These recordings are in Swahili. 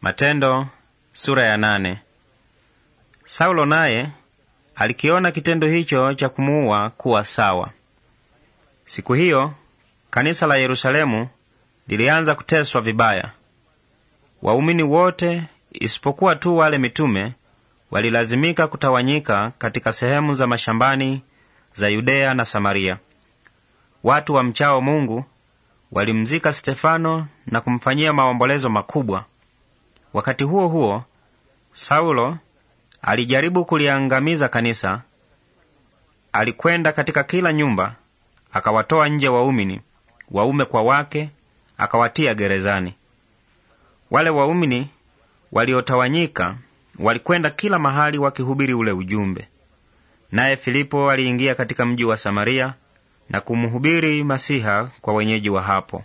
Matendo sura ya nane. Saulo naye alikiona kitendo hicho cha kumuua kuwa sawa. Siku hiyo kanisa la Yerusalemu lilianza kuteswa vibaya. Waumini wote isipokuwa tu wale mitume walilazimika kutawanyika katika sehemu za mashambani za Yudeya na Samaria. Watu wa mchao Mungu walimzika Stefano na kumfanyia maombolezo makubwa. Wakati huo huo, Saulo alijaribu kuliangamiza kanisa. Alikwenda katika kila nyumba, akawatoa nje waumini, waume kwa wake, akawatia gerezani. Wale waumini waliotawanyika walikwenda kila mahali wakihubiri ule ujumbe. Naye Filipo aliingia katika mji wa Samaria na kumhubiri Masiha kwa wenyeji wa hapo.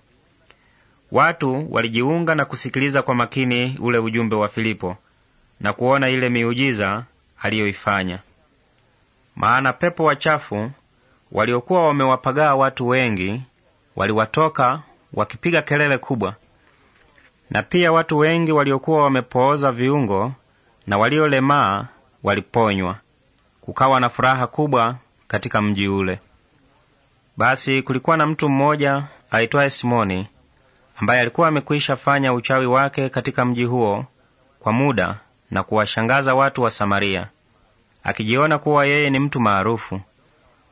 Watu walijiunga na kusikiliza kwa makini ule ujumbe wa Filipo na kuona ile miujiza aliyoifanya. Maana pepo wachafu waliokuwa wamewapagaa watu wengi waliwatoka wakipiga kelele kubwa, na pia watu wengi waliokuwa wamepooza viungo na waliolemaa waliponywa. Kukawa na furaha kubwa katika mji ule. Basi kulikuwa na mtu mmoja aitwaye Simoni ambaye alikuwa amekwisha fanya uchawi wake katika mji huo kwa muda na kuwashangaza watu wa Samaria, akijiona kuwa yeye ni mtu maarufu.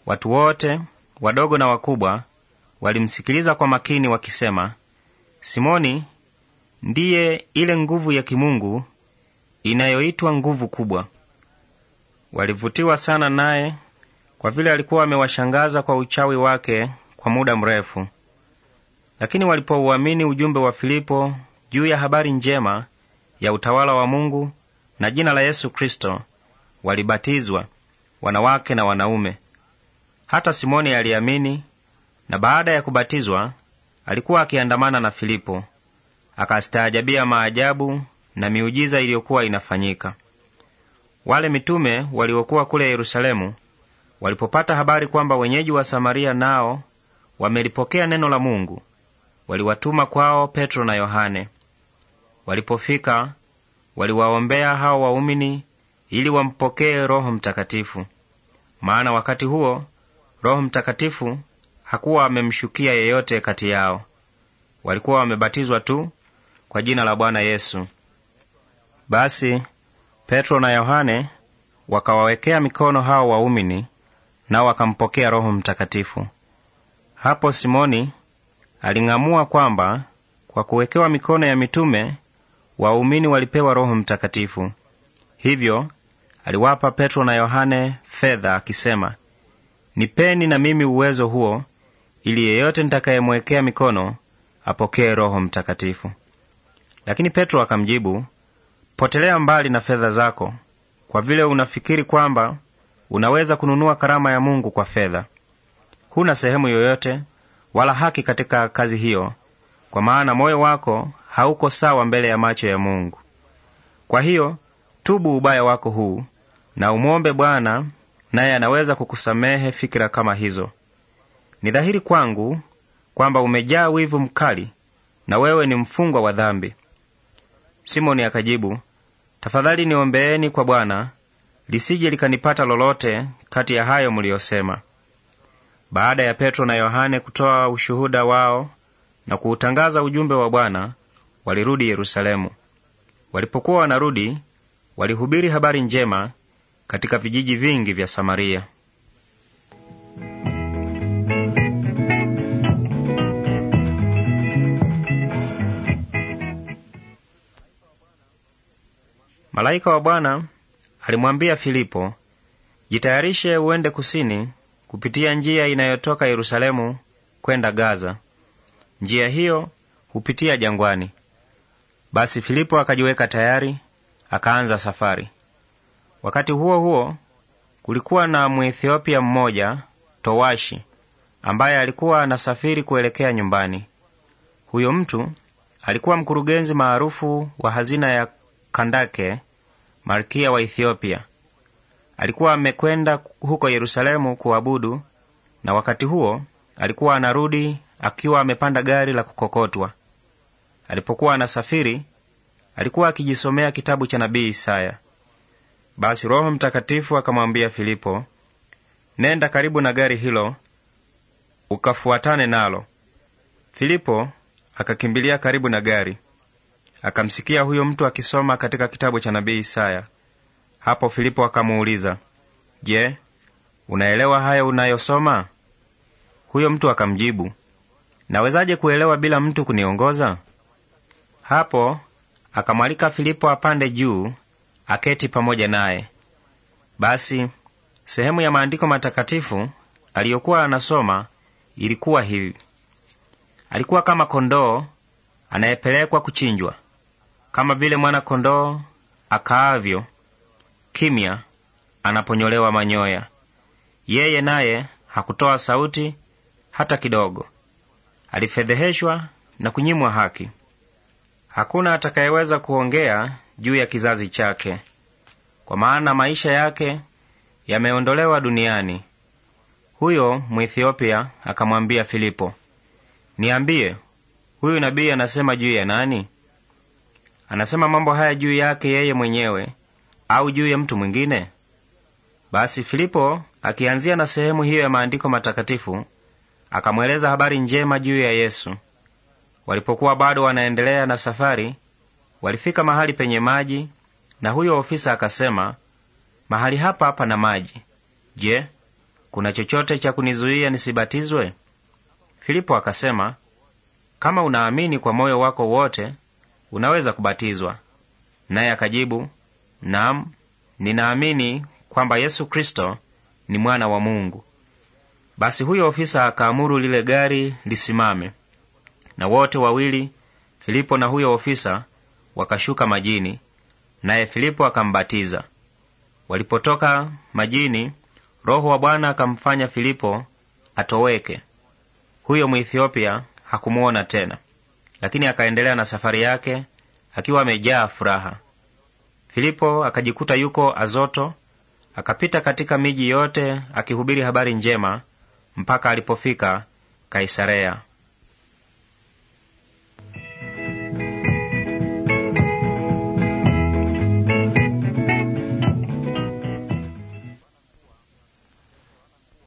Watu wote wadogo na wakubwa walimsikiliza kwa makini, wakisema, Simoni ndiye ile nguvu ya kimungu inayoitwa nguvu kubwa. Walivutiwa sana naye kwa vile alikuwa amewashangaza kwa uchawi wake kwa muda mrefu. Lakini walipouamini ujumbe wa Filipo juu ya habari njema ya utawala wa Mungu na jina la Yesu Kristo, walibatizwa wanawake na wanaume. Hata Simoni aliamini, na baada ya kubatizwa alikuwa akiandamana na Filipo, akastaajabia maajabu na miujiza iliyokuwa inafanyika. Wale mitume waliokuwa kule Yerusalemu walipopata habari kwamba wenyeji wa Samaria nao wamelipokea neno la Mungu, waliwatuma kwao Petro na Yohane. Walipofika waliwaombea hao waumini ili wampokee Roho Mtakatifu, maana wakati huo Roho Mtakatifu hakuwa amemshukia yeyote kati yao. Walikuwa wamebatizwa tu kwa jina la Bwana Yesu. Basi Petro na Yohane wakawawekea mikono hao waumini, nao wakampokea Roho Mtakatifu. Hapo Simoni aling'amua kwamba kwa kuwekewa mikono ya mitume waumini walipewa Roho Mtakatifu. Hivyo aliwapa Petro na Yohane fedha akisema, nipeni na mimi uwezo huo, ili yeyote nitakayemwekea mikono apokee Roho Mtakatifu. Lakini Petro akamjibu, potelea mbali na fedha zako, kwa vile unafikiri kwamba unaweza kununua karama ya Mungu kwa fedha. Huna sehemu yoyote wala haki katika kazi hiyo, kwa maana moyo wako hauko sawa mbele ya macho ya Mungu. Kwa hiyo tubu ubaya wako huu na umwombe Bwana, naye anaweza kukusamehe fikira kama hizo. Ni dhahiri kwangu kwamba umejaa wivu mkali na wewe ni mfungwa wa dhambi. Simoni akajibu, tafadhali niombeeni kwa Bwana lisije likanipata lolote kati ya hayo mliyosema. Baada ya Petro na Yohane kutoa ushuhuda wao na kuutangaza ujumbe wa Bwana, walirudi Yerusalemu. Walipokuwa wanarudi, walihubiri habari njema katika vijiji vingi vya Samaria. Malaika wa Bwana alimwambia Filipo, jitayarishe uende kusini kupitia njia inayotoka Yerusalemu kwenda Gaza. Njia hiyo hupitia jangwani. Basi Filipo akajiweka tayari, akaanza safari. Wakati huo huo, kulikuwa na Mwethiopia mmoja towashi, ambaye alikuwa anasafiri kuelekea nyumbani. Huyo mtu alikuwa mkurugenzi maarufu wa hazina ya Kandake, malkia wa Ethiopia, alikuwa amekwenda huko Yerusalemu kuabudu, na wakati huo alikuwa anarudi akiwa amepanda gari la kukokotwa. Alipokuwa anasafiri, alikuwa akijisomea kitabu cha nabii Isaya. Basi Roho Mtakatifu akamwambia Filipo, nenda karibu na gari hilo ukafuatane nalo. Filipo akakimbilia karibu na gari, akamsikia huyo mtu akisoma katika kitabu cha nabii Isaya. Hapo Filipo akamuuliza, Je, unaelewa haya unayosoma? Huyo mtu akamjibu, nawezaje kuelewa bila mtu kuniongoza? Hapo akamwalika Filipo apande juu aketi pamoja naye. Basi sehemu ya maandiko matakatifu aliyokuwa anasoma ilikuwa hivi: alikuwa kama kondoo anayepelekwa kuchinjwa, kama vile mwana kondoo akaavyo kimya anaponyolewa manyoya. Yeye naye hakutoa sauti hata kidogo. Alifedheheshwa na kunyimwa haki. Hakuna atakayeweza kuongea juu ya kizazi chake, kwa maana maisha yake yameondolewa duniani. Huyo Mwethiopia akamwambia Filipo, niambie, huyu nabii anasema juu ya nani? Anasema mambo haya juu yake yeye mwenyewe au juu ya mtu mwingine? Basi Filipo akianzia na sehemu hiyo ya maandiko matakatifu akamweleza habari njema juu ya Yesu. Walipokuwa bado wanaendelea na safari, walifika mahali penye maji, na huyo ofisa akasema, mahali hapa pana maji. Je, kuna chochote cha kunizuia nisibatizwe? Filipo akasema, kama unaamini kwa moyo wako wote, unaweza kubatizwa. Naye akajibu, Naam, ninaamini kwamba Yesu Kristo ni mwana wa Mungu. Basi huyo ofisa akaamuru lile gari lisimame, na wote wawili, Filipo na huyo ofisa, wakashuka majini, naye Filipo akambatiza. Walipotoka majini, Roho wa Bwana akamfanya Filipo atoweke. Huyo Mwethiopia hakumuona tena, lakini akaendelea na safari yake akiwa amejaa furaha. Filipo akajikuta yuko Azoto, akapita katika miji yote akihubiri habari njema mpaka alipofika kaisareya